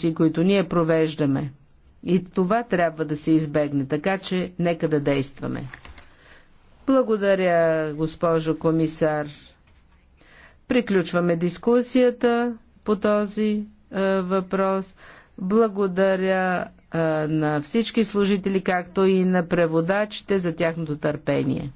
дискусии, които ние провеждаме. И това трябва да се избегне, така че нека да действаме. Благодаря, госпожо комисар. Приключваме дискусията по този е, въпрос. Благодаря е, на всички служители, както и на преводачите за тяхното търпение.